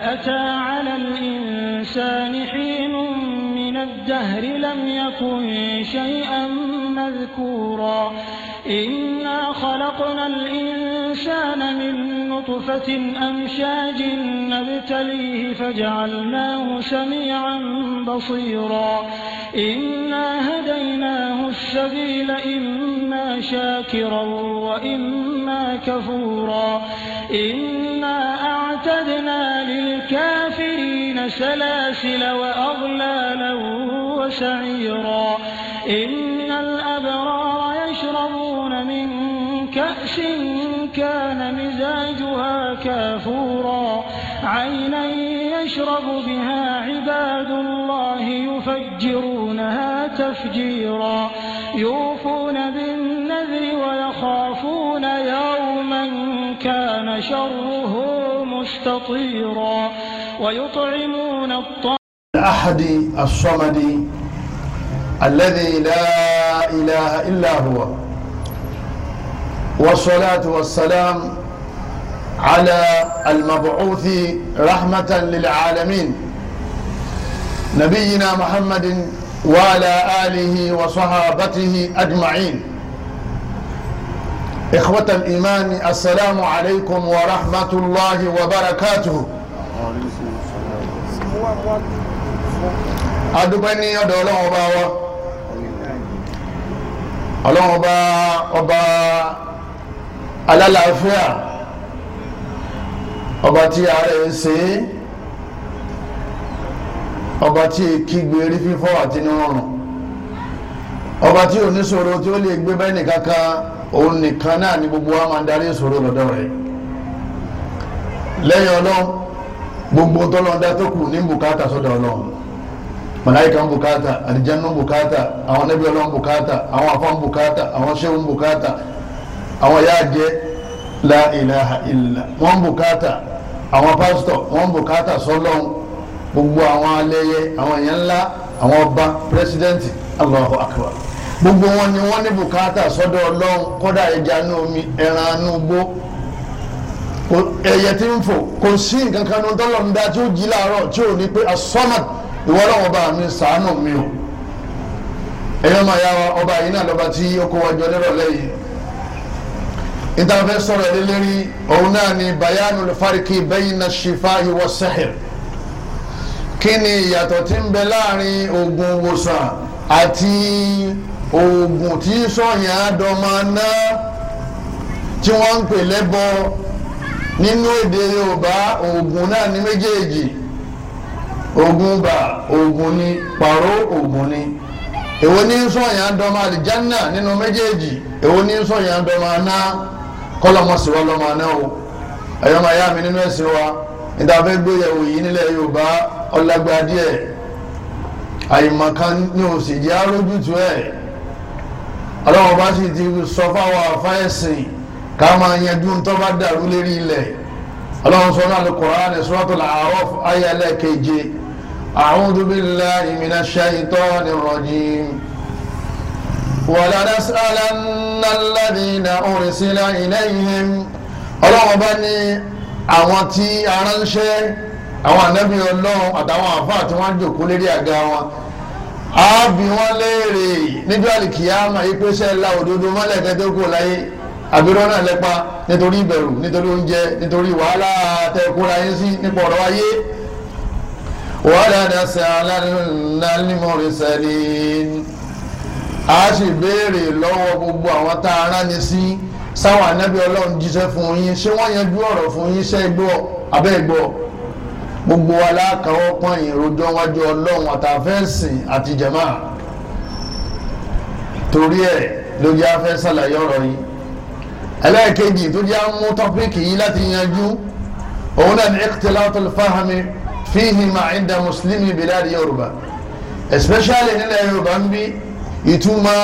أتى على الإنسان حين من الدهر لم يكن شيئا مذكورا إنا خلقنا الإنسان من نطفة أمشاج نبتليه فجعلناه سميعا بصيرا إنا هديناه السبيل إما شاكرا وإما كفورا إنا سلاسل وأغلالا وسعيرا إن الأبرار يشربون من كأس كان مزاجها كافورا عينا يشرب بها عباد الله يفجرونها تفجيرا يوفون بالنذر ويخافون يوما كان شره مستطيرا ويطعمون الطعام الأحد الصمد الذي لا إله إلا هو والصلاة والسلام على المبعوث رحمة للعالمين نبينا محمد وعلى آله وصحابته أجمعين إخوة الإيمان السلام عليكم ورحمة الله وبركاته adúpẹ́ ní ọ̀dọ̀ ọlọ́run ọba wa ọlọ́run ọba ọba alálàáfíà ọba tí ààrẹ ń ṣe é ọba tí kígbe rí fífọ́ àti nírọ̀rùn ọba tí oníṣòro tí ó lè gbé bẹ́ẹ̀ nìkankan òun nìkan náà ni gbogbo wa máa ń darí ìṣòro lọ́dọ̀ rẹ̀ lẹ́yìn ọlọ́run gbogbo tọ́lọ́dá tó kù ní bùkátà sọ́dọ̀ ọlọ́run màláìka ń bùkátà àdìjẹ́nu ń bùkátà àwọn nẹ́bí ọlọ́run ń bùkátà àwọn afọ́ ń bùkátà àwọn ṣẹ́wù ń bùkátà àwọn yáàjẹ́ la ilaha illa wọ́n ń bùkátà àwọn pásítọ̀ wọ́n ń bùkátà sọ́lọ́run gbogbo àwọn alẹ́yẹ àwọn èèyàn ńlá àwọn ọba pírẹsidẹ́ǹtì Allahu akbar gbogbo wọn ni wọ́n ní bùkátà sọ́dọ̀ ọlọ́run kódà ẹja ní omi ẹran anú gbó ẹyẹ tí ń fò kò sí nǹkan kan ní tọ́lọ̀ ń dá tí ó jí láàárọ̀ tí ò ní pé asọ́mà ìwọ ọlọ́run ọba mi ṣàánú mi o ẹ̀yọ́ máa yá wa ọba yìí náà lọ́ba tí ó kó wa jọ nírọ̀lẹ́ yìí ìtàfẹ́ sọ̀rọ̀ ẹ̀ lérí òun náà ni bayanu fariki bayna shifa'i wa sihir kí ni ìyàtọ̀ tí ń bẹ láàrin oògùn ìwòsàn àti oògùn tí sọ̀yìn àdọ́mọ náà tí wọ́n ń pè lẹ́bọ nínú èdè Yorùbá oògùn náà ní méjèèjì oògùn bà oògùn ni pàró oògùn ni èwo ní sọ̀yìn àdọ́mọ àlìjánà nínú méjèèjì èwo ní sọ̀yìn àdọ́mọ náà kọ́lọ́mọsíwọ́ lọ́mọ náà o ẹ̀yọ́ máa yá mi nínú ẹ̀sìn wa níta fẹ́ gbéyẹ̀wò yìí nílẹ̀ Yorùbá ọlágbá díẹ̀ àyìnmọ̀kan ni òsì jẹ́ àrójútu ọlọ́wọ́n bá sì ti sọ fáwọn àfáìsìn ká máa yanjú tó bá dàrú lérí ilẹ̀ ọlọ́wọ́n sọ náà Al-Qur'an Suratul A'raf aya ẹlẹ́keje a'udhu billahi minash shaitanir rajim ولنسألن الذين أرسل إليهم ọlọ́wọ́n bá ní àwọn tí aránṣẹ́ àwọn ànábì ọlọ́run àtàwọn àfáà tí wọ́n jòkó lérí àga wọn a bi wọn léèrè níjọ́ àlìkìyàmà yìí pé sẹ́ẹ̀ òdodo mọ́lẹ̀ kẹ́tẹ́ kó láyé àbúrò náà lẹ́pa nítorí ìbẹ̀rù nítorí oúnjẹ nítorí wàhálà tẹ̀kúra yín sí nípa ọ̀rọ̀ ayé wàhálà dàsẹ̀ alánimọ̀rẹ́sẹ̀lẹ̀ a sì béèrè lọ́wọ́ gbogbo àwọn tá a rán ni sí sáwọn anábì ọlọ́run fún yín ṣé wọ́n yanjú ọ̀rọ̀ fún yín ṣẹ́ gbọ́ abẹ́ gbọ́ gbogbo aláàkàwọ́ pọ́nyìn rojọ́ wájú ọlọ́run àtàfẹ́sìn àti jẹ̀má torí ẹ̀ ló jẹ́ afẹ́ sàlàyé ọ̀rọ̀ yìí ẹlẹ́ẹ̀kejì tó jẹ́ mú tọ́píkì yìí láti yanjú òun náà ní ikhtilatul fahmi fihi ma inda muslimi bilad yorùbá especially nílẹ̀ yorùbá ń bí ìtumọ̀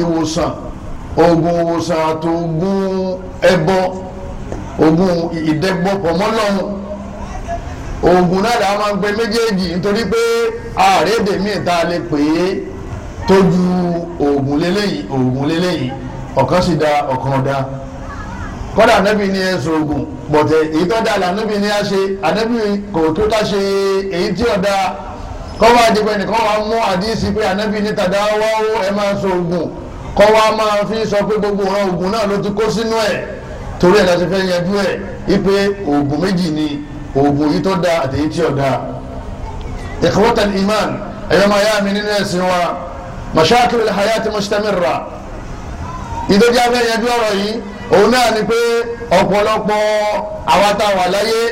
ìwòsàn oògùn ìwòsàn àti oògùn ẹbọ oògùn ìdẹ́gbọ́ pọ̀ oògùn náà làwọn máa ń pe méjèèjì nítorí pé ààrẹ míì tá a lè pè é tójú oògùn lélẹ́yìí oògùn lélẹ́yìí ọ̀kan sì da ọ̀kan ọ̀dà kọ́dà anábì ni ẹ sọ oògùn bọ̀tẹ̀ èyí tó dáa lànàbì ni a ṣe anábì kò tó ká ṣe èyí tí ọ̀dà kọ́wá àdìpẹ́ nìkan wàá mú àdìsí pé anábì ni tàdá wáwó ẹ máa sọ oògùn kọ́wá máa fi sọ pé gbogbo ọ̀rọ̀ oògùn náà ló ti kó sínú ẹ̀ torí ẹ̀ láti fẹ́ yanjú ẹ̀ ipe oògùn méjì ni oògùn yìí tó da àtẹ̀yí tí ò da ikhwatal iman ẹ̀yọ́ máa yá mi nínú ẹ̀sìn wa mashakil alhayati mustamirra ìdójá fẹ́ yẹn bí ọ̀rọ̀ yìí òun náà ni pé ọ̀pọ̀lọpọ̀ àwa tá a wà láyé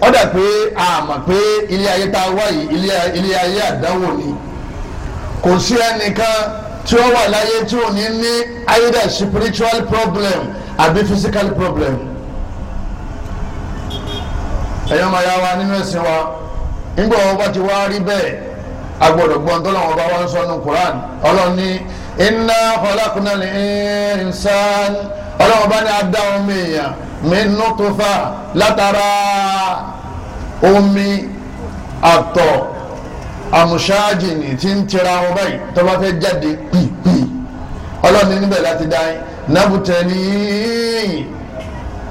ó dà pé a pé ilé ayé tá a wá yìí ilé ayé àdánwò ni kò sí ẹnìkan tí ó wà láyé tí ò ní ní either spiritual problem àbí physical problem ẹ̀yọ́ máa yá wa nínú ẹ̀sìn wa nígbà wọn bá ti wá rí bẹ́ẹ̀ agbọ́dọ̀ gbọ́n tó làwọn bá wá ń sọ nu Quran ọlọ́run ní inna khalaqnal insana ọlọ́run bá ní adá omi èèyàn min nutfa látara omi àtọ̀ àmúṣáájì ni tí ń tira wọn báyìí tó bá fẹ́ jáde pìpì ọlọ́run ní níbẹ̀ láti dá yín nàbùtẹ̀ nìyí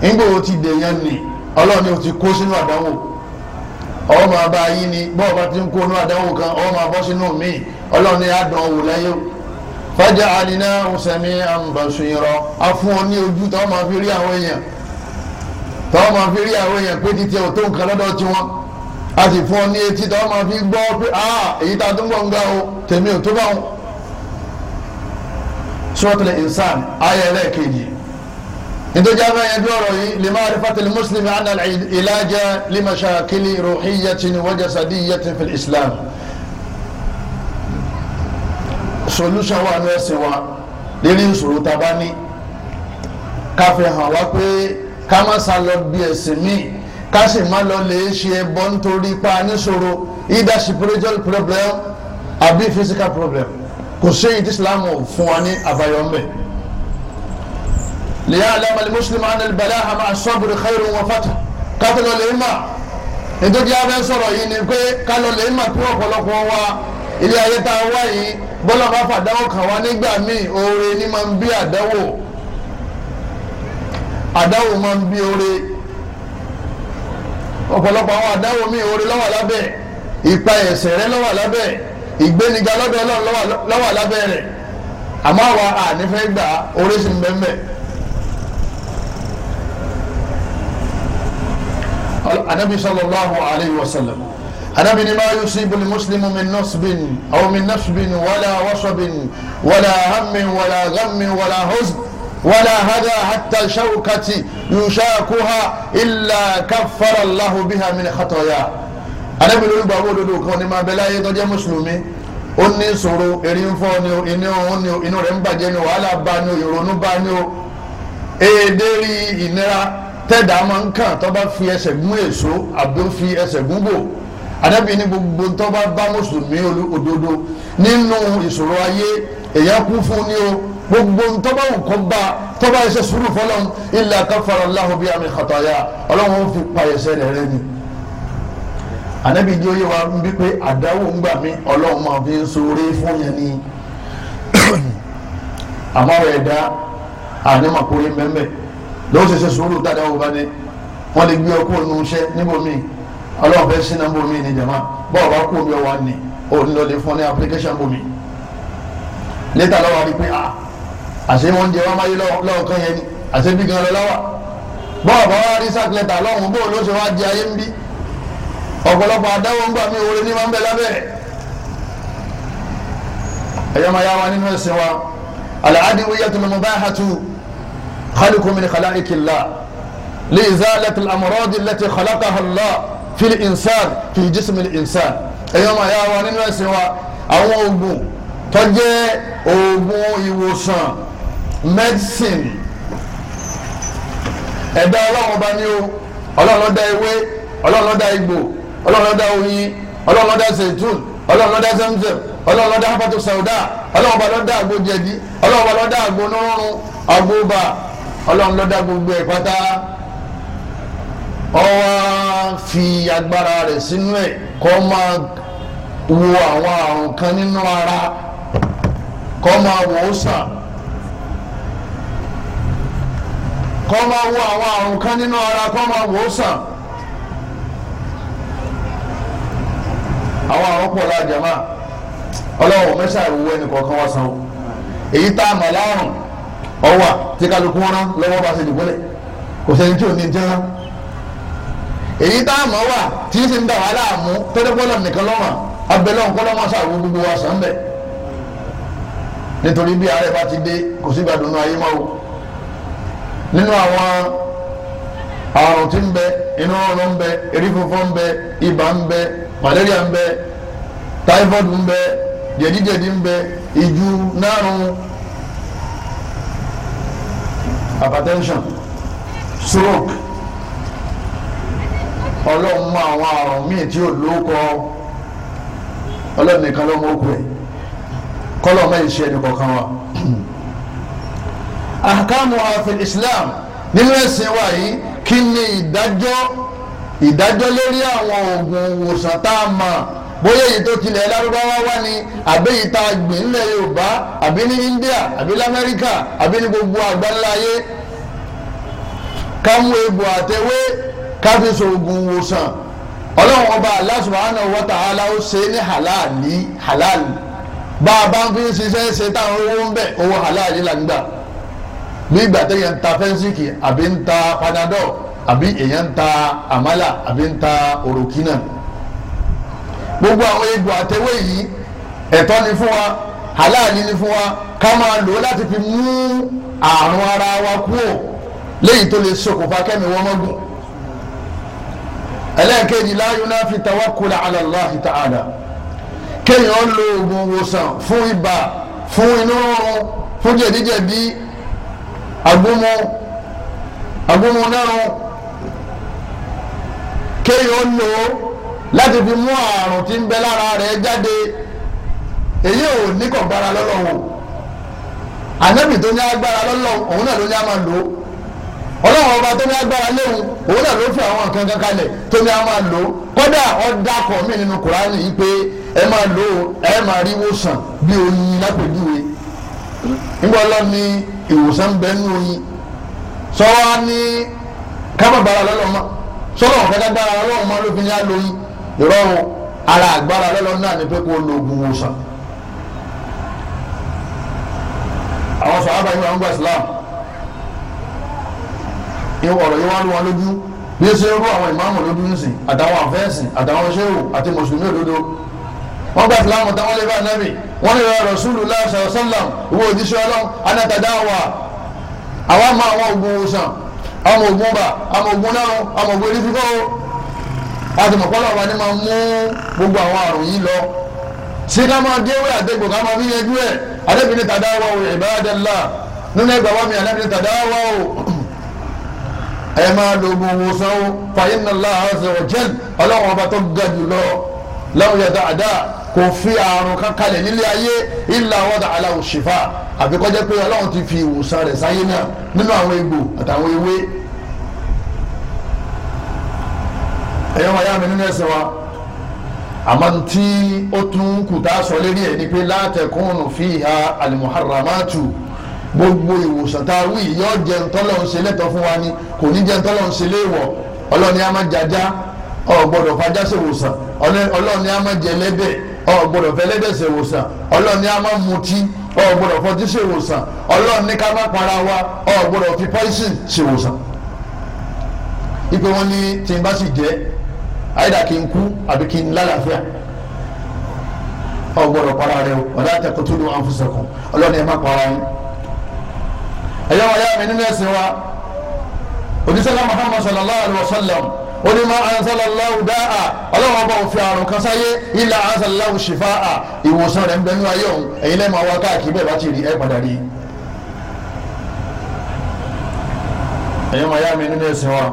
nígbà wo ti dèèyàn nìyí ọlọ́run ni o ti kó sínú àdánwò ọwọ́ máa bá yín ni bọ́ọ̀ bá ti ń kó inú àdánwò kan ọwọ́ máa bọ́ sínú míì ọlọ́run ni àdán wò lẹ́yìn fájà àdínà ọ̀sẹ̀mí àmùbàṣọyìnrọ̀ afún ọ ní ojú tó máa fi rí àwọn èèyàn tó máa fi rí àwọn èèyàn pé títí ò nǹkan lọ́dọ̀ tiwọn a sì fún ọ ní etí tó máa fi gbọ́ pé èyí tá a tún gbọ́ ń gbà o tèmi ò tó bá wọn. suratul insan kejì nítorí àwọn yẹn dúró yìí lè máa rí fatil muslim anna ìlàjà limashakili ruhiyatin wa jasadiyatin fil islam solution wa ní ẹsẹ̀ wa lórí ìṣòro tá a bá ní ká fi hàn wá pé ká má sá lọ bí ẹ̀sìn míì ká sì má lọ lè ṣe ẹbọ nítorí pa níṣòro either spiritual problem àbí physical problem kò sí èyí tí islam fún wa ní àbáyọ mbẹ. ليعلم المسلم أن البلاء مع الصبر خير وفتح kátó lọ lè mà nítorí abẹ́ sọ̀rọ̀ yìí ni pé ká lọ lè mà pé ọ̀pọ̀lọpọ̀ wa ilé ayé tá a wá yìí bọ́lá bá fàdáwọ̀ kàn wá nígbà míì oore ni máa ń bí àdáwò àdáwò máa ń bí oore ọ̀pọ̀lọpọ̀ àwọn àdáwò míì oore ló wà lábẹ́ ìpa ẹ̀ṣẹ̀ rẹ ló wà lábẹ́ ìgbéniga lọ́dọ̀ Ọlọ́run ló wà lábẹ́ rẹ̀ àmọ́ àwa ànífẹ́ gbà oore sì ń bẹ́ẹ̀ bẹ́ẹ̀. anabi sallallahu alayhi wa sallam anabi ni maa yusibu muslimu min nasbin aw min nasbin wala wasabin wala hammin wala ghammin wala huzn wala hada hatta shawkati yushakuha illa kaffara allahu biha min khataya anabi lórí gbàgbọ́ òdodo kan ni máa bẹ láyé tó jẹ́ mùsùlùmí ó ní ìṣòro erí ń fọ́ ni o inú òun ni o inú rẹ̀ ń bàjẹ́ ni o wàhálà bá ni o ìrònú bá ni o èdè rí ìnira tẹ́ẹ̀dá máa ń kàn tó bá fi ẹsẹ̀ gún èso àbí fi ẹsẹ̀ gún bò àdàbí ní gbogbo tó bá bá mùsùlùmí òdodo nínú ìṣòro ayé èyàn kú fún ni o gbogbo tó bá wù kó bá tó ẹsẹ̀ sùúrù fọlọ́n illa kafara Allahu biha min khataya ọlọ́run fi pa ẹsẹ̀ rẹ̀ rẹ́ ni ànábì jẹ́ oyé wa ń bí pé àdáwò ń gbà mí ọlọ́run máa fi ń sọ̀rọ̀ fún yẹn ni àmọ́ ẹ̀dá ànímọ̀kúrí mẹ́mẹ́ lọ́wọ́ ṣẹṣẹ sùúrù dáadáa wò bá dé wọ́n lè gbé ọkọ̀ nù iṣẹ́ níbòmí ọlọ́wọ́ fẹ́ sí nàmbó mi ní jama bọ́ọ̀ bá kú omi ọwọ́ ni òun lọ lè fún ọ ní application bomi létà lọ́wọ́ a rí pé ah àṣé wọ́n jẹ wọ́n máyé lọ́wọ́ kan yẹn ni àṣé bí gan lọ lọ́wọ́ bọ́ọ̀ bá wá rí sàkìlẹ̀tà lọ́hùn bó ló ṣe wá di ayé ń bí ọ̀pọ̀lọpọ̀ adáwọ̀ ń gbà mí òwe ní máa ń bẹ wa nínú ẹ̀sìn wa al خلقوا من خلائق الله لإزالة الأمراض التي خلقها الله في الإنسان في جسم الإنسان أيما يا yá سوا nínú ẹ̀sìn wa àwọn oògùn tó jẹ́ oògùn ìwòsàn medicine ẹ̀dá ọlọ́run ọba ni o ọlọ́run ló dá ewé ọlọ́run ló dá igbó ọlọ́run ló dá oyin ọlọ́run dá zaitun ọlọ́run dá zamzam ọlọ́run dá hapatu sauda ọlọ́run ọba ló dá àgbo jẹ̀dí ọlọ́run ọba ló dá àgbo nírúurú àgbo bá ọlọ́run ló dá gbogbo ẹ̀ pátá ó wá fi agbára rẹ̀ sínú ẹ̀ kó máa wo àwọn àrùn kan nínú ara kó máa wò ó sàn kó máa wo àwọn àrùn kan nínú ara kó máa wò ó sàn. àwọn àrùn pọ̀ láàjàmá ọlọ́run mẹ́sàá ìwúwo ẹnì kọ̀ọ̀kan wá sanwó èyí tá a mọ̀ láàrùn ọwà tí kálukú wọn rán lọ́wọ́ bá ṣe dìbọ́lẹ̀ kò sẹ́ni tí ò ní jẹ́ rán èyí tá a mọ̀ wà tí sì ń dà wá láàmú tẹ́lẹ̀gbọ́lọ̀ nìkan lọ́mọ abẹ́lẹ́ ọ̀nkọ́lọ́ máa ṣàwọ́ gbogbo wa sàn bẹ̀ nítorí bí ààrẹ bá ti dé kò sí gbàdúnú ayé mọ́ o nínú àwọn àrùn tí ń bẹ inú ọrùn ń bẹ erí funfun ń bẹ ibà ń bẹ malaria ń bẹ typhoid ń bẹ jẹ̀díjẹ̀dí ń bẹ ìjú náírùn hypertension stroke ọlọ́run mú àwọn àrùn míì tí ò lóko ọlọ́run nìkan ló mú òkú ẹ̀ kọ́lọ́ mọ́ ìṣe ẹnì kọ̀ọ̀kan wa. ahkamu afil islam nínú ẹ̀sìn wa yìí kí ni ìdájọ́ ìdájọ́ lórí àwọn oògùn ìwòsàn tá a mọ̀ bóyá èyí tó tilẹ̀ lárúbáwá wá ni àbí èyí tá yorùbá àbí ní india àbí lamẹ́ríkà àbí ní gbogbo àgbáńlá ayé ká mú egbò àtẹwé ká fi ṣòògùn wòsàn ọlọ́run ọba Allah subhanahu wa ṣe ní halali halali bá a bá ń fi ṣiṣẹ́ ṣe táwọn owó ń bẹ̀ owó halali là ń gbà bí ìgbà tẹ̀yẹ̀ ń ta fẹ́ńsìkì àbí ń ta panadol àbí èèyàn ń ta àmàlà àbí ń ta òròkì gbogbo àwọn egbò àtẹwé yìí ẹ̀tọ́ ni fún wa aláàlí ni fún wa ká máa lò ó láti fi mú àrùn ara wa kúrò léyìí tó lè ṣokùnfà kẹ́mi wọ́n mọ́gùn ẹlẹ́ẹ̀kejì la yunafi tawakkul ala Allah ta'ala kéèyàn lo oògùn ìwòsàn fún ibà fún inú rọrùn fún jẹ̀díjẹ̀dí agbómo agbómo náà kéèyàn lo láti fi mú àrùn tí ń bẹ lára rẹ̀ jáde èyí ò ní kọ̀gbára lọ́lọ́wọ́ ànábì tó ní agbára lọ́lọ́wọ́ òun náà ló ní a máa lò ó ọlọ́run ọba tó ní agbára léwu òun náà ló fi àwọn nǹkan kan kalẹ̀ tó ní a máa lò ó kódà ọ̀dà kọ̀ mí nínú kùránì yìí pé ẹ máa lò ó ẹ máa rí ìwòsàn bí oyin lápèjúwe nígbà ọlọ́run ní ìwòsàn ń bẹ nínú oyin sọ́wọ́ ní kábàbára lọ́lọ́mọ sọ́wọ́ ọ̀kẹ́dá gbára lọ́lọ́mọ ló fi ní a ìrọ̀rùn ara àgbára lọ́lọ́ náà ni pé kó lo oògùn wòsàn àwọn sàhábà yìí wọn ń gba Islam ọ̀rọ̀ yìí wọn lù wọn lójú bí ó ṣe rú àwọn ìmáàmù lójú nísìn àtàwọn àfẹ́sìn àtàwọn ṣéwù àti mùsùlùmí òdodo wọ́n gba ìsìláàmù táwọn lè bá nẹ́bì wọ́n lè rọ rasúlù láṣà sálàm owó òjíṣẹ́ ọlọ́run anátàdáwà àwọn àmọ́ àwọn ògùn òsàn àwọn ògùn bà àwọn ògùn náà àwọn ògùn erífikọ́ àtìmọ̀pọ̀lọ̀ wa ni máa mú gbogbo àwọn àrùn yìí lọ sí ká máa gé wẹ́ àdégbò ká máa fi yanjú ẹ̀ àdébìnrin tàdá wa o ìbáradẹ́lá nínú ẹgbàá wa mi àdébìnrin tàdá wa o ẹ máa lo oògùn òwòsàn o fàyínà láàásì ọ̀jẹ́l ọlọ́run ọba tó ga jù lọ lọ́wọ́ yẹn dáadáa kò fi àrùn kan nílé ayé ìlà wọ́dà aláwọ̀ ṣèfà àfikọ́jẹ́ pé ọlọ́run ti fi ìwòsàn rẹ̀ sáyé náà nínú àwọn egbò àtàwọn ewé ẹ̀yọ́ wọn yá mi nínú ẹ̀sìn wa àmọ́ tí ó tún kù sọ lérí ẹ̀ ni pé fi ha alimuharamatu gbogbo ìwòsàn tá a wí yọ jẹ ntọ́lọ̀ ń ṣe lẹ́tọ̀ fún wa ni kò ní jẹ ntọ́lọ̀ ń ṣe léèwọ̀ ọlọ́ni a ọ ọlọ́ni a máa jẹ ọ fẹ́ ọlọ́ni a máa ọ fọtí ọlọ́ni ká má para wa ọ fi ipe wọn ní àyídà kí n kú àbí kí n lálàáfíà ọ gbọ́dọ̀ para rẹ o ọdọ àtẹkùtù ló ń fúnṣẹ kan ọlọ́ni ẹ má para yín ẹyọ wọn yá mi nínú ẹsìn wa onísàlá Muhammad sallallahu alayhi wa sallam onímọ̀ ansalallahu dáa ọlọ́wọ́n bá òfin àrùn kan sáyé ilà ansalallahu shifa'a ìwòsàn rẹ̀ ń bẹ ayé òun ẹ̀yin lẹ́mọ̀ àwọn káàkiri bẹ́ẹ̀ bá ti rí ẹ̀ padà rí ẹ̀yin wọn mi nínú ẹsìn wa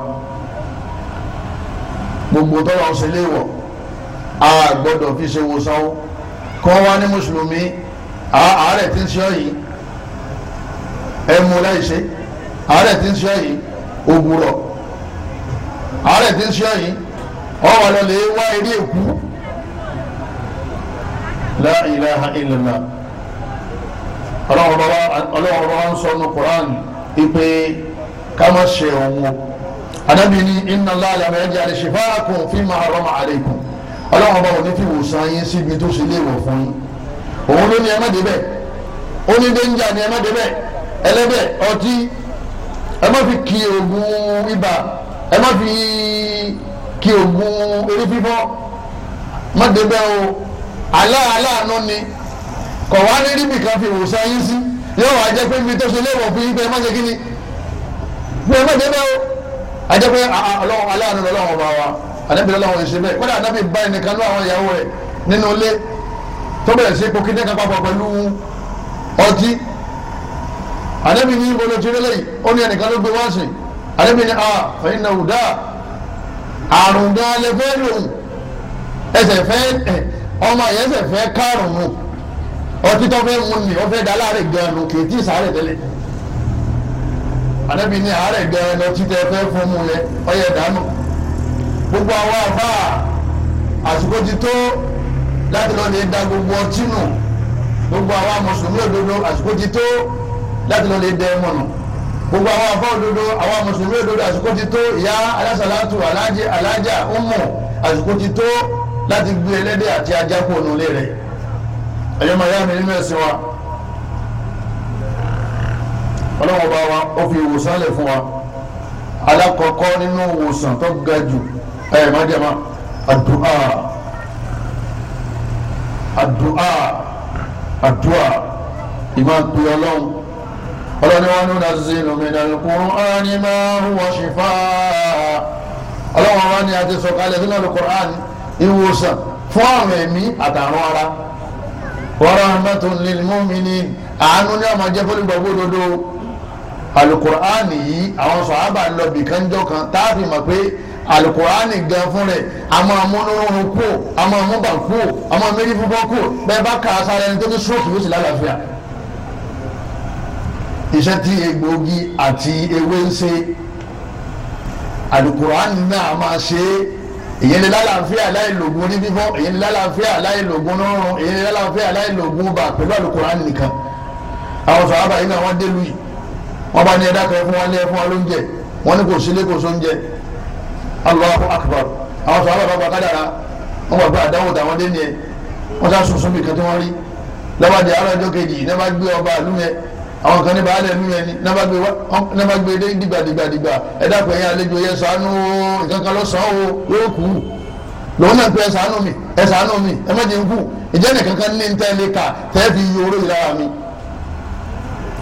gbogbo tọ́lọ̀ ń ṣe léèwọ̀ a gbọ́dọ̀ fi ṣe wòsàn o kọ́ wá ní mùsùlùmí àárẹ̀ tí ń ṣe ọ́ yìí ẹ mú láì ṣe àárẹ̀ tí ń ṣe ọ́ yìí ògùrọ̀ àárẹ̀ tí ń ṣe ọ́ yìí ọ̀wọ́ lọ lè wá eré èkú la ilaha illallah ọlọ́wọ́ bá ń sọ ní Kùránì ipe ká má ṣe òun o anabi ni inna allah la ma yajal shifaakum fi ma harama aleikum ọlọ́run ọba òní fi wòsàn yín síbi tó ṣe léèwọ̀ fún yín òun ló ní ẹ má débẹ̀ ó ní dénjà ní ẹ má débẹ̀ ẹlẹ́dẹ̀ ọtí ẹ má fi kí oògùn ibà ẹ má fi kí oògùn orí fífọ́ má débẹ̀ o alá aláàánú ni kọ̀ wá ní ríbi kan fi wòsàn yín sí yóò wá jẹ́ pé ibi tó ṣe léèwọ̀ fún yín pé ẹ má ṣe kí ni pé ẹ má débẹ̀ o ajẹ́ pé ah, ah, ọlọ́run aláàánú lọ́lọ́run ọba wa ànábì lọ́lọ́run ṣe bẹ́ẹ̀ kódà ànábì bá ẹnìkan ló àwọn ìyàwó rẹ̀ nínú ilé tó bẹ̀rẹ̀ sí ipò kíndé kan papọ̀ pẹ̀lú ọtí ànábì ní ibo ló ti rí lẹ́yìn ó ní ẹnìkan ló gbé wá sí ànábì ní a fẹ́yìn náà wùdá àrùn gan lè fẹ́ lòun ẹsẹ̀ fẹ́ eh, ọmọ yẹn ẹsẹ̀ fẹ́ kárùn-ún ọtí tó fẹ́ mu ni ó fẹ́ dá láàrin gan-an kì í tí ì sáré tẹ́lẹ̀ ànábì ní àárẹ̀ gbẹ lọtí tẹ fẹ́ fún mu yẹ ọyẹ dànù gbogbo àwọn àbá àsìkò ti tó láti lọ lè da gbogbo ọtí nù gbogbo àwọn mùsùlùmí òdodo àsìkò ti tó láti lọ lè dẹ ẹmu nù gbogbo àwọn àbá òdodo àwọn mùsùlùmí òdodo àsìkò ti tó ìyá alásàlátù alájẹ alájà ọmọ àsìkò ti tó láti gbé ẹlẹ́dẹ̀ àti ajá kó nulẹ̀ rẹ̀ ẹ̀yọ́ màá mi nínú ẹ̀sìn wa ọlọ́wọ́n bá wa ó fi ìwòsàn lẹ̀ fún wa alákọ̀ọ́kọ́ nínú ìwòsàn tó ga jù ẹ̀ má jẹ́ ma àdúà àdúà àdúà ìmọ̀ pé ọlọ́run ọlọ́ni wọn ní nàzínú minal Qur'ani ma huwa shifaa ọlọ́run wọn ni a ti sọ̀kalẹ̀ nínú al-Qur'ani ìwòsàn fún àwọn ẹ̀mí àtàrùn ara wa rahmatun lil mu'minin àánú ní àmàjẹ́ fún ìgbàgbọ́ òdodo alukur'ani yìí àwọn sọ̀hábà ń lọ bì kánjọ́ kan tá a fi mọ̀ pé alukur'ani gan fún rẹ̀ a máa mú nínú kú a máa mú bà kú a máa méjì fúnfọ́ kú bẹ́ẹ̀ bá kà á sáré ẹni tó ti sóòkì yóò sì lálàáfíà. iṣẹ́ tí egbòogi àti ewé ń ṣe alukur'ani náà máa ṣe é èyí ni lálàáfíà láì lògùn orí fífọ́ èyí ni lálàáfíà láì lògùn nọ́rùn èyí ni lálàáfíà láì lògùn bá pẹ̀lú àlùkùránì nìkan àwọn sàhábà yìí náà wọ́n dé lùyìí wọ́n bá ní ẹ̀dá kan fún wọn lé fún wọn lóúnjẹ wọ́n ní kò sílé kò sóúnjẹ Allahu akbar àwọn sọ̀rọ̀ bàbá kádàrà wọ́n bàbá àdáwò tàwọn dé ni ẹ̀ wọ́n sá sunsun bìkan tí wọ́n rí lọ́bàdì àárọ̀ ọjọ́ kejì ní wọ́n bá gbé ọba àlú yẹn àwọn kan ní baálé mi yẹn ni ní wọ́n bá gbé dé dìgbàdìgbàdìgbà ẹ̀dá pé yẹn àlejò yẹn sànú ìkankan lọ sàn ó yóò kú lòun náà pé ẹ mi ẹ mi ẹ má jẹun kù ìjẹ́ nìkankan ní ntẹ́lẹ̀ ká tẹ́ẹ̀ mi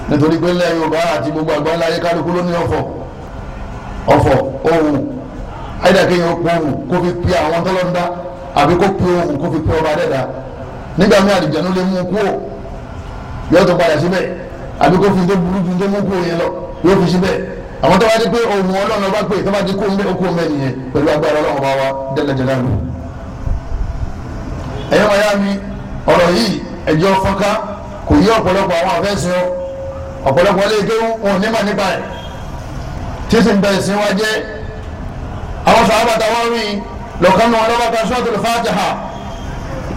nítorí pé ńlẹ̀ Yorùbá àti gbogbo àgbáńlá ayé kálukú ló ní ọ̀fọ̀ ọ̀fọ̀ ohun ayédèkéyìn òpó ohun kó fi pe àwọn tọ́lọ́ńdá àbí kó pe ohun kó fi pe ọba dẹ́dà nígbà míì àlìjànnú lè mú kú ò yóò tó padà síbẹ̀ àbí kó fi tó burú ju tó mú kú yẹn lọ yóò fi síbẹ̀ àwọn tó bá dé pé ohun Ọlọ́run bá pè tó bá dé kó mbẹ́ okó mbẹ́ nìyẹn pẹ̀lú agbára Ọlọ́run bá wa dẹ́lẹ̀ jẹ̀dá lù ẹ̀yọ́ mayami ọ̀rọ̀ yìí ẹ̀jọ́ fọ́nká kò yí ọ̀pọ̀lọpọ̀ àwọn afẹ́sẹ̀ ọ̀pọ̀lọpọ̀ ilé kéwú wọn ò nímọ̀ nípa ẹ̀ tí sì ń bẹ̀rẹ̀ sí wa jẹ́ àwọn sàábà táwọn rí lọ́kànnù ọlọ́wọ́ kan suratul Fatiha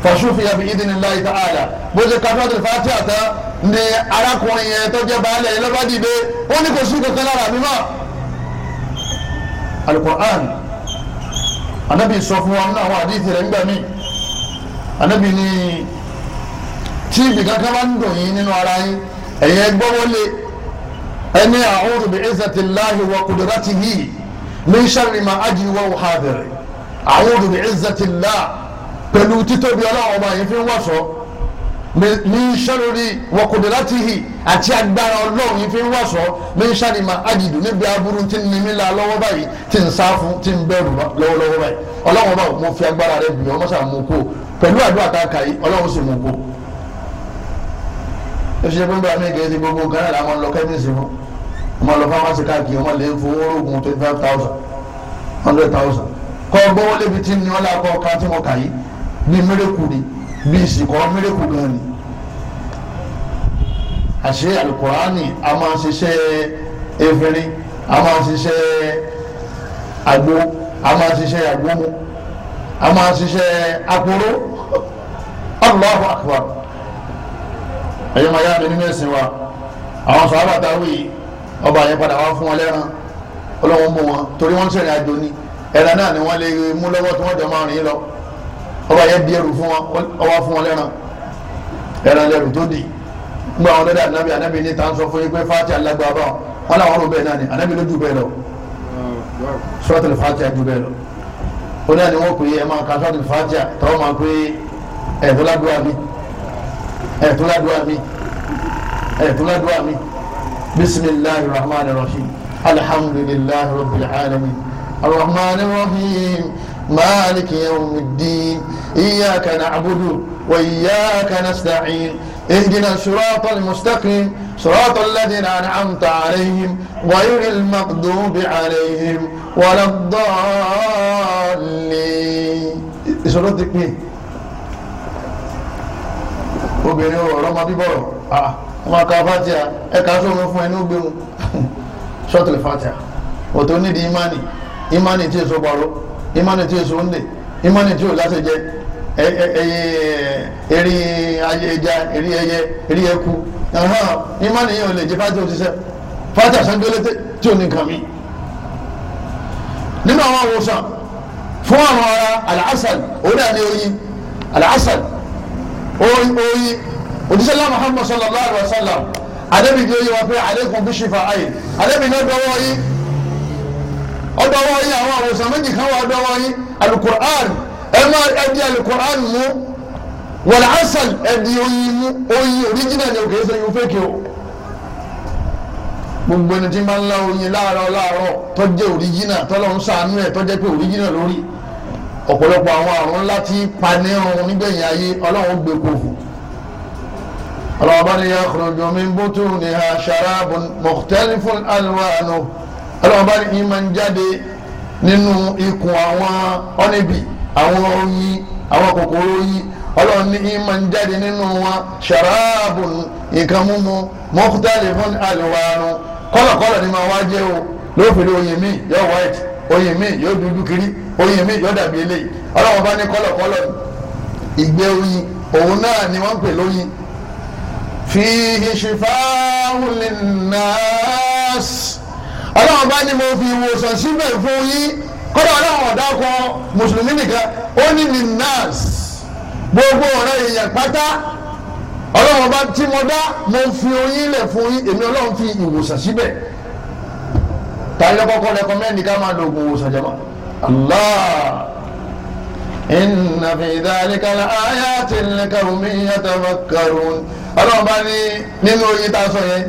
fàṣùfìyà bi idhnillahi ta'ala bó ṣe ka suratul Fatiha tán ni arákùnrin yẹn tó jẹ́ baálé yẹn lọ́ba dìde ó ní kò sí kankan lára mi mọ́ alukur'an anabi sọ fún wa nínú àwọn àdìsí rẹ̀ ńgbà mí anabi ni tí ibì kankan bá ń dùn yín nínú ara yín ẹ̀yẹ gbọ́wọ́lé ẹni a'udhu bi'izzatillahi wa qudratihi min sharri ma ajri wa uhadhiri a'udhu bi'izzatillahi pẹ̀lú títóbi ọlọ́run ọba yìí fi ń wàṣọ min sharri wa qudratihi àti agbára ọlọ́run yìí fi ń wàṣọ min sharri ma ajidu níbi aburú tí ní la lọ́wọ́ báyìí tí ń sá fún tí ń bẹ̀rù lọ́wọ́lọ́wọ́ báyìí ọlọ́run ó ṣe gbogbo àmì ìkẹyẹ ti gbogbo gánà làwọn lọ kẹ́míìsì fún ọmọ lọ fámásì káàkiri ọmọ lè fowó oògùn twenty five thousand hundred thousand kọ́ gbọ́wọ́ lébi tí ni wọ́n là kọ́ ká tí mo kà yìí bíi mẹ́rẹ́kù ni bíi ìsìnkọ́ mẹ́rẹ́kù gan ni àṣé alukurani a máa ṣiṣẹ́ efirin a máa ṣiṣẹ́ agbo a máa ṣiṣẹ́ agbomu a máa ṣiṣẹ́ akoro Allahu akbar ẹ̀yọ́ máa yára nínú ẹ̀sìn wa àwọn sọ̀rọ̀ àtàwé yìí ọba yẹn padà wá fún wọn lẹ́ran ọlọ́wọ́n mú wọn torí wọ́n ń sẹ̀rìn àjò ni ẹ̀ràn náà ni wọ́n lè mú lọ́wọ́ tí wọ́n jọ máa rìn lọ ọba yẹn di ẹrù fún wọn ọwọ́ fún wọn lẹ́ran ẹ̀ràn lẹ́rù tó dì gbọ́ àwọn dẹ́dẹ́ ànábì ànábì ní tàn sọ fún yín pé fàtí alágbàá bá wọn làwọn ọ̀rọ̀ bẹ́ẹ̀ náà ni ànábì ló jù bẹ́ẹ̀ lọ suratul fatiha ju bẹ́ẹ̀ lọ ó náà ni wọ́n pè é ẹ̀ máa ka suratul fatiha tọ́ máa pé ẹ̀dọ́lágbára bíi ẹ̀tún ládùúgbà mi ẹ̀tún ládùúgbà mi bisimilahi rahman rahim alhamdulilahi rabbil alamin arrahman rahim maliki yawmiddin iyaka na'budu wa iyaka nasta'in اهدنا الصراط المستقيم صراط الذين أنعمت عليهم غير المغضوب عليهم ولا الضالين obìnrin ọ̀rọ̀ ọmọ bíbọ̀ ọmọ ah, ká fatia ẹ̀ka sóhun fún ẹnu gbẹ̀rún ṣọ́tìlì fatia òtò nídìí imani imani tí èso bọ̀rọ̀ imani tí èso ńlẹ̀ imani tí ò lásìjẹ eri ẹja eri ẹyẹ eri ẹku imani yẹn ò lè jẹ fatia òṣìṣẹ́ fatia sangbélé tí ò ní nǹkan mi nínú àwọn àwòsàn fún àwọn ará aláṣà òun náà ní oyin aláṣà oyin oyin òjíṣẹ́ lá Muhammad sallallahu alayhi wa sallam adébí di oyin wa pé alaykum bí ṣifa ayé adébí ní ọdọ wọ́n yín ọdọ wọ́n yín àwọn àwòsàn méjì kan wà ọdọ wọ́n yín alukur'an ẹ máa ẹ di alukur'an mú wal asal ẹ di oyin mú oyin original ni òkè ṣe yóò fẹ́ kí o gbogbo ẹni tí máa ń lá oyin láàárọ̀ láàárọ̀ tó original tọ́lọ́ ń sàánú ẹ̀ tó pé original lórí ọ̀pọ̀lọpọ̀ àwọn àrùn ńlá tí panirun nígbẹ̀yìn ayé ọlọ́run gbé kófù ọlọ́run bá ní yakhruju min butuniha sharabun mukhtalifun alwanuhu ọlọ́run bá ní ìmọ̀ ń jáde nínú ikùn àwọn ọ́nẹ́bì àwọn oyin àwọn kòkòrò oyin ọlọ́run ní ìmọ̀ ń jáde nínú wọn sharabun nǹkan mímu mukhtalifun alwanuhu kọ́lọ̀kọ́lọ̀ ni màá wá jẹ́ o lófin oyin mi yọ white oyin mi yóò dúdú kiri oyin mi yóò dàbí eléyìí ọlọ́wọ́n bá ní kọ́lọ̀kọ́lọ̀ ìgbẹ́ oyin òun náà ni wọ́n pè lóyin fihi shifa'un linnas ọlọ́wọ́n bá ní mo fi ìwòsàn síbẹ̀ fún yín kọ́lọ̀ ọlọ́wọ́n ọ̀dà kan mùsùlùmí nìkan ó ní linnas gbogbo ọ̀rẹ́ èèyàn pátá ọlọ́wọ́n bá tí mo dá mo fi oyin lẹ̀ fún yín èmi ọlọ́wọ́n fi ìwòsàn síbẹ̀ tàyẹ kọ́kọ́ rẹkọmẹ́ndì ká máa lo oògùn ìwòsàn jẹmọ́ allah inna fi dhalika la ayatin li qawmin yatafakkarun ọlọ́run bá ní nínú oyin tá a sọ yẹn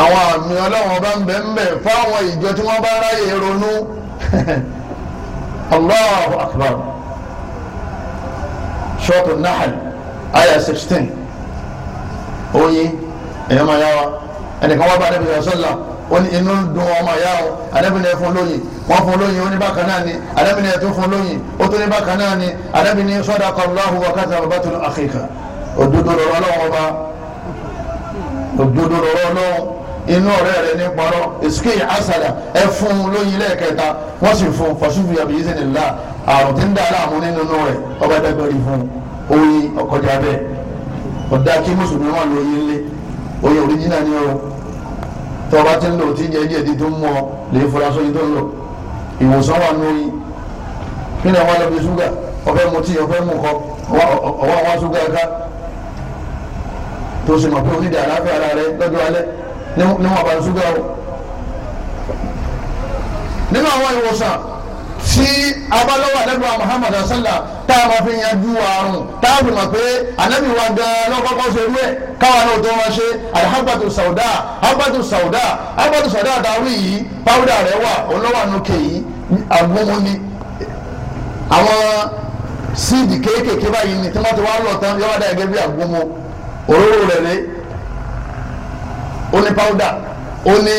àwọn àmì ọlọ́run bá ń bẹ̀ ń bẹ̀ fáwọn ìjọ tí wọ́n bá ráyè ronú allahu akbar short nahal ayah sixteen oyin ẹ̀yọ́ máa ẹnìkan wá bá a dẹ́bi sọ́lá ó ní inú ń dun ọmọ ìyá o anábìnrin ẹ̀ fún lóyìn wọ́n fún lóyìn ó ní bákan náà ni anábìnrin ẹ̀ tó fún lóyìn ó tó ní bákan náà ni anábìnrin sadaqa Allahu wa kadhaba batul akhika òdodo lọ́rọ̀ ọlọ́run ọba òdodo lọ́rọ̀ ọlọ́run inú ọ̀rẹ́ rẹ̀ ní pọ̀rọ̀ ìsìkè àṣàlà ẹ fún un lóyìn lẹ́ẹ̀kẹta wọ́n sì fún un fọ́sùfù tó o bá ti ń lò tí ń jẹ díẹ̀ di tó ń mọ lè fura sóyin tó ń lò ìwòsàn wà nù yín kí ni àwọn alọ́bí ṣúgà ọ̀fẹ́ mu tí ọ̀fẹ́ mu kọ ọwọ́ àwọn ṣúgà ká tó sì mọ̀ pé onídìí àlàáfíà ara rẹ lọ́jọ́ alẹ́ níwọ̀n bá ṣúgà o nínú àwọn ìwòsàn tí abalọ́wọ́ àdẹ́gbà Muhammad asala tá a máa fi yanjú àrùn tá a fi mọ̀ pé anabi wa gan-an lọ́kọ́kọ́ ṣe rú ẹ̀ káwa náà tó máa ṣe alihabatu sauda habatu sauda habatu sauda àtàwí yìí pàwùdà rẹ̀ wà olówó ànúkè yìí agbóhun ni àwọn síìdì kéékèèké báyìí ni tí wọ́n ti wá lọ tán yọ́wọ́ dá gẹ́gẹ́ bí agbóhun òróró rẹ̀ lé ó ní pàwùdà ó ní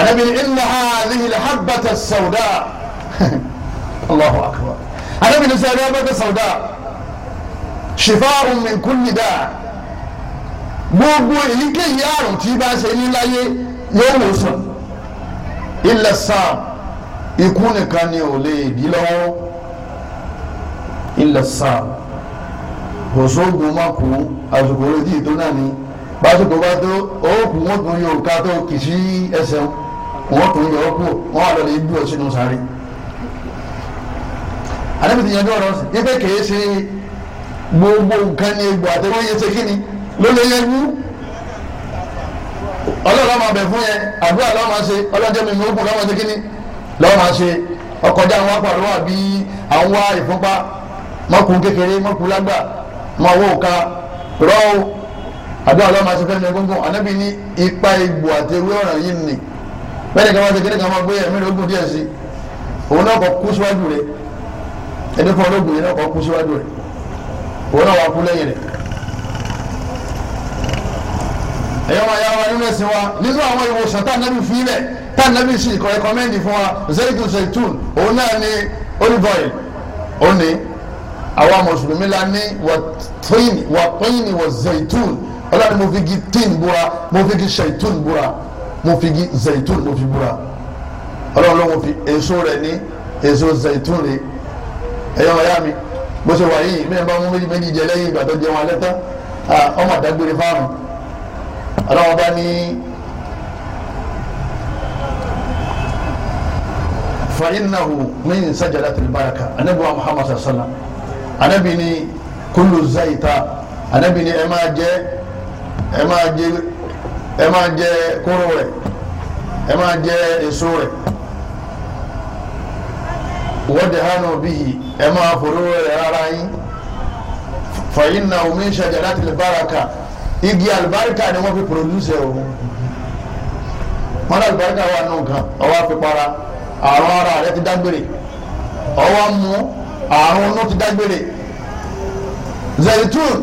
anabi inna hadhihi alhabata sauda allahu akbar anabi ní sẹ́yìn alhabata sauda shifaa'un min kulli daa gbogbo èyíkéyìí àrùn tí bá ṣe ní láyé yóò wò sàn ilẹ̀ sáà ikú nìkan ni ò lè dí lọ́wọ́ ilẹ̀ sáà òṣogun má kú àsìkò orí tí ìtọ́ náà ni básìkò bá tó ó kù wọ́n tún yóò ká tó kì ẹsẹ̀ wọn wọn tún yọ ọ kú wọn wà lọlẹ ibi ọsìn nù sáré àdébí ti yanjú ọ̀rọ̀ sí ipe kìí ṣe gbogbo nǹkan ní egbò àti wọn yẹ ṣe kí ni ló lè yẹ wú ọlọ́run máa bẹ̀ fún yẹn àdúrà lọ́wọ́ máa ṣe ọlọ́jọ́ mi mú kù káwọn ṣe kí ni lọ́wọ́ máa ṣe ọkọjá àwọn apàrọwà bíi àwọn wá ìfúnpá mọ́kùn kékeré mọ́kùn lágbà mọ́ owó òka rọ́ọ̀ àdúrà lọ́wọ́ máa ṣe fẹ́ẹ́ mi gbóngbó ànábì ní ipa egbò àti yìí nìyí bẹ́ẹ̀ kí wọ́n ti kíni kan máa gbé ẹ̀mí lóògùn díẹ̀ sí òun náà kọ́ kú síwájú rẹ̀ ẹni fún ológun yẹn náà kọ́ kú síwájú rẹ̀ òun náà wà kú lẹ́yìn rẹ̀. ẹ̀yọ́ wa yá wa nínú ẹ̀sìn wa nínú àwọn ìwòsàn tá nàbí fi ilẹ̀ tá nàbí sì kọ́ rẹ́kọ́mẹ́ndì fún wa zaytu zaitun òun náà ní olive oil òun ní àwa mùsùlùmí la ní wà tíìnì wà tíìnì wà zaitun ọlọ́run mo fi gi tíìnì búra mo fi gi zaitun mo fi búra ọlọ́run ló mo fi èso rẹ̀ ní èso zaitun rẹ̀ ẹ̀yọ́ ọ̀yá mi bó ṣe wà yìí mẹ́rin bá mú méjì méjì jẹ lẹ́yìn ìgbà tó jẹun alẹ́ tán ọmọ àdágbére fáàrùn ọlọ́run bá ní. فإنه من سجلة البركة النبي محمد صلى الله عليه وسلم النبي كل زيتا النبي إما جاء إما جاء ẹ máa jẹ kóró rẹ̀ ẹ máa jẹ èso rẹ̀ wọ́dẹ̀ hánà bíi ẹ máa fòró rẹ̀ rárá yín fàyín náà omi ń ṣàjà láti lè báraka igi àlùbáríkà ni wọ́n fi pòròdúsẹ̀ òun mọ́tò àlùbáríkà wà nù kan ọwọ́ àfipára àrùn ara rẹ̀ ti dágbére ọwọ́ mú àrùn inú ti dágbére zaitun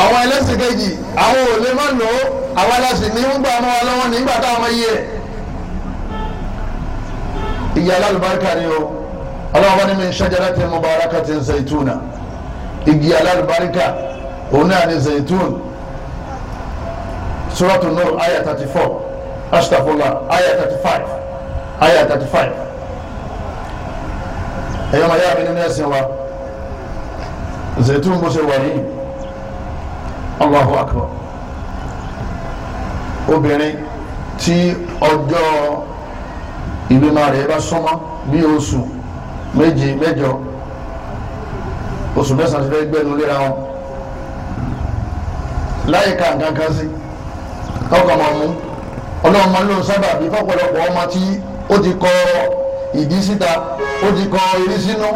àwọn ẹlẹ́sìn kejì àwọn ò lè má lò ó àwa la sì ní ń gbà mọ́ wa lọ́wọ́ nígbà táwọn ọmọ yìí ẹ̀ ìyá alálùbáríkà ni o ọlọ́wọ́ ní min shajaratin mubarakatin zaituna igi alálùbáríkà òun náà ni zaitun suratu nur ayah thirty four astagfirullah ayah thirty five ayah thirty five ẹ̀yọ́ màá yá mi nínú ẹ̀sìn wa zaitun bó ṣe wà yìí Allahu akbar obìnrin tí ọjọ́ ìbímọ rẹ̀ bá súnmọ́ bí oṣù méje mẹ́jọ oṣù mẹ́sàn-án ti fẹ́ gbẹ́nu léra wọn láyé ká nǹkan kan sí ọkọ̀ ọmọ mú ọlọ́run máa ń lò sábà bí fọ́pọ̀lọpọ̀ ọmọ tí ó ti kọ ìdí síta ó ti kọ irí sínú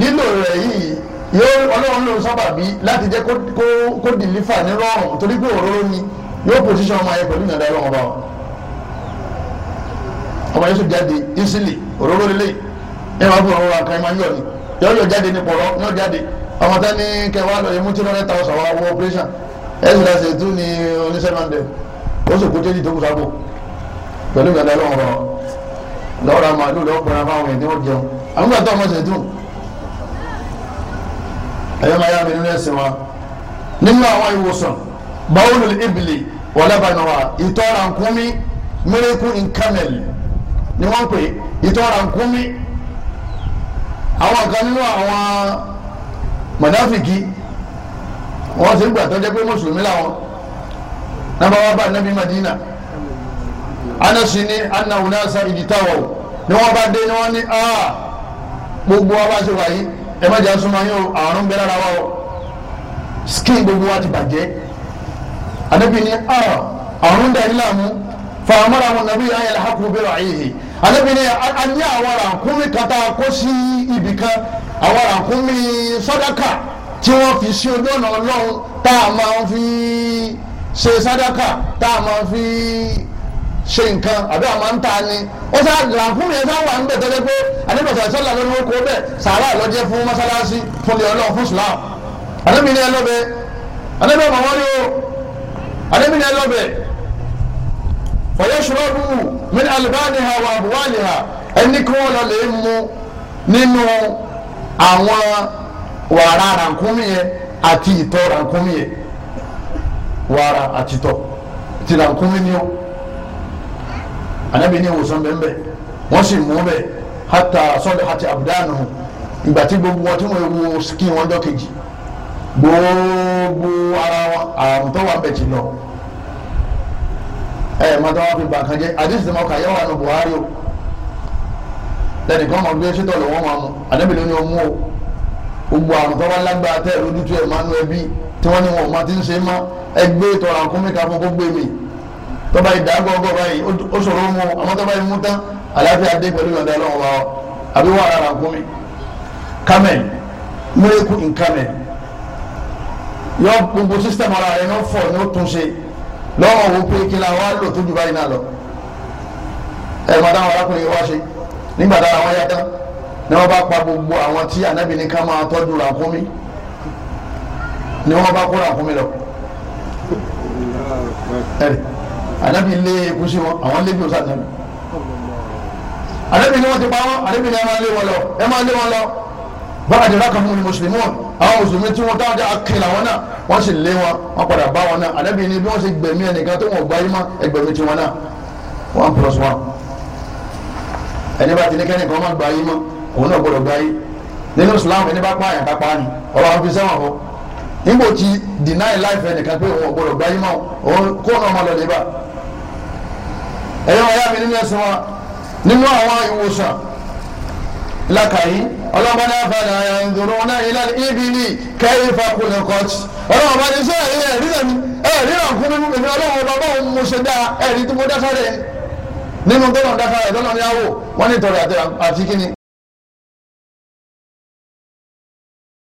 lílò yìí yóò ọlọ́run ló ń sábà bí láti jẹ́ kó dìlífà ní rọrùn torí pé òróró ni yóò pòsíṣàn ọmọ ayé pẹ̀lú ìyànda ọlọ́run ọba ọmọ yẹn sùn jáde ìsìlì òróró lélẹ̀ ẹ máa bọ̀ ọ̀rọ̀ àkàrà máa ń yọ̀ ni yọ̀ yọ̀ jáde ní pọ̀rọ̀ yọ̀ jáde ọmọ tá ní kẹwàá lọ yẹmú tí lọ́rẹ́ ta ọ̀sán wa wọ operation ẹ sì láti tún ní oníṣẹ́mọ̀ndẹ̀ ó sì kó tẹ́jì tó kù sábò pẹ̀lú ìyànda ọlọ́run ọba lọ́ọ̀rọ̀ àmàlú lọ́ọ̀pẹ̀rẹ̀ fáwọn ènìyàn jẹun àwọn gbàtọ́ ọmọ sẹ̀tún ẹ̀yọ́ máa yá mi nínú ẹ̀sìn wa nínú àwọn ìwòsàn báwo lè ibìlì wọlébànú wa ìtọ̀ rànkúnmí mẹ́rẹ́kù nkánẹ́l ni wọ́n pè ìtọ̀ rànkúnmí àwọn kan nínú àwọn mọ̀dáfìkì wọ́n ti gbà tọ́jú pé mùsùlùmí làwọn nàbà wà bá nàbí Madina anasi ni anahunasa ìdítàwọ̀ ni wọ́n bá dé ni wọ́n ní ah, gbogbo wa bá ṣe wáyé ẹ má jà súnmọ́ yín o àrùn bẹ lára wa o skin gbogbo wa ti bàjẹ́ anabi ni a ah, àrùn dẹ̀ nílà mú fàmọ́ra wọn nàbí ayé làákù bẹ̀rẹ̀ ayé yìí anabi ni a ní àwọn ràkúnmí kata kó sí ibì kan àwọn ràkúnmí sọ́dáka tí wọ́n fi sí ojú ọ̀nà ọlọ́run tá a máa fi ṣe sádàkà tá a máa fi ṣe nǹkan àbí àwọn ń ta ni ó sá làǹfùrù yẹn sáwà ń bẹ tẹ́lẹ̀ pé àdébọ̀sẹ̀ sọ́là ló ní ó kó bẹ́ẹ̀ sàrà ló jẹ́ fún mọ́sálásí fún ilé ọlọ́run fún islam àdébí ni ẹ lọ́bẹ̀ àdébí ọmọ wọn yóò àdébí ni ẹ lọ́bẹ̀ fọyẹ́sùrọ́bù min albaniha wa abuwaliha ẹni kí wọ́n lọ lè mu nínú àwọn wàrà rànkúmí yẹn àti ìtọ̀ rànkúmí yẹn wàrà àti ìtọ̀ ti rànkúmí ni anabi ní ìwòsàn bẹ́ẹ̀ wọ́n sì mú bẹ́ẹ̀ hata sọ́dọ̀ hati abudanu ìgbà tí gbogbo wọn tí wọ́n wo skin wọn dọ́kejì gbogbo ara wọn àrùn tó wà bẹ̀ ti lọ ẹ mọtò wọn fi bà kan jẹ àdéhùn sèmọ kà yẹ wà nù Buhari o lẹnìkan mọ gbé sítọ lọ́wọ́ máa mu anabi ló ní mú o gbogbo àrùn tó wà tẹ ẹ lójútu ẹ máa nu ẹbí tí wọ́n ní wọn ò ti ń ṣe é má ẹgbẹ́ tọrọ àkúnmí ká fún kó gbé mi tọ́ba yìí dàgbọ́ ọgọ́ báyìí ó ṣòro mu àwọn tọ́ba yìí mú tán àlàáfíà dé pẹ̀lú yọ̀ǹda ọlọ́run wa ọ àbí wọ́n ara kún mi kamẹ́n múlẹ́kù nkamẹ́n yọ gbogbo sísítẹ̀mù ara rẹ̀ yọ fọ̀ ní ó tún ṣe lọ́wọ́ wo pé kí la wá lò tó ju báyìí náà lọ ẹ̀ mọ̀ táwọn arákùnrin yìí wá ṣe nígbà táwọn àwọn yá tán ni wọ́n bá pa gbogbo àwọn tí ànábì ní ká máa tọ́jú ràkúnmí ni wọ́n bá kó ràkúnmí lọ anabi lé eku sí wọn àwọn lé bí o sàtẹ́nu anabi ni wọn ti pa wọn anabi ni ẹ máa lé wọn lọ ẹ máa lé wọn lọ bákàtí lákàn fún mùsùlùmí wọn àwọn mùsùlùmí tí wọn táwọn jẹ akin làwọn náà wọn sì lé wọn wọn padà bá wọn náà anabi ni bí wọn sì gbẹ̀mí ẹnìkan tó wọn gbá yín mọ ẹgbẹ̀mí tiwọn náà one plus one ẹni bá ti ní kẹ́nìkan má gbá yín mọ òun náà gbọdọ̀ gbá yín nínú Islam ẹni bá pààyàn ká pààyàn ọ̀rọ̀ nígbò tí deny life ẹnìkan pé òun ò gbọdọ̀ gbá yín mọ òun kó náà má lọ níbà ẹ̀yọ́ wọn yá mi nínú ẹ̀sìn wa nínú àwọn ìwòsàn lákàáyí ọlọ́mọdé afẹ́lẹ́ àyàndùrú náà ilẹ̀ ibili kẹ́yìfà kùnà kọ́t ọlọ́mọdé ní sọ ẹ̀rí ẹ̀rí rẹ̀ mi ẹ̀rí rẹ̀ kú nínú èmi ọlọ́mọ bàbá òun mo ṣe dá ẹ̀rí tí mo dáfẹ́ rẹ̀ nínú tọ́lọ̀ dáfẹ́ rẹ̀ tọ́lọ̀ ní àwò wọ́n ní tọrọ àti kíni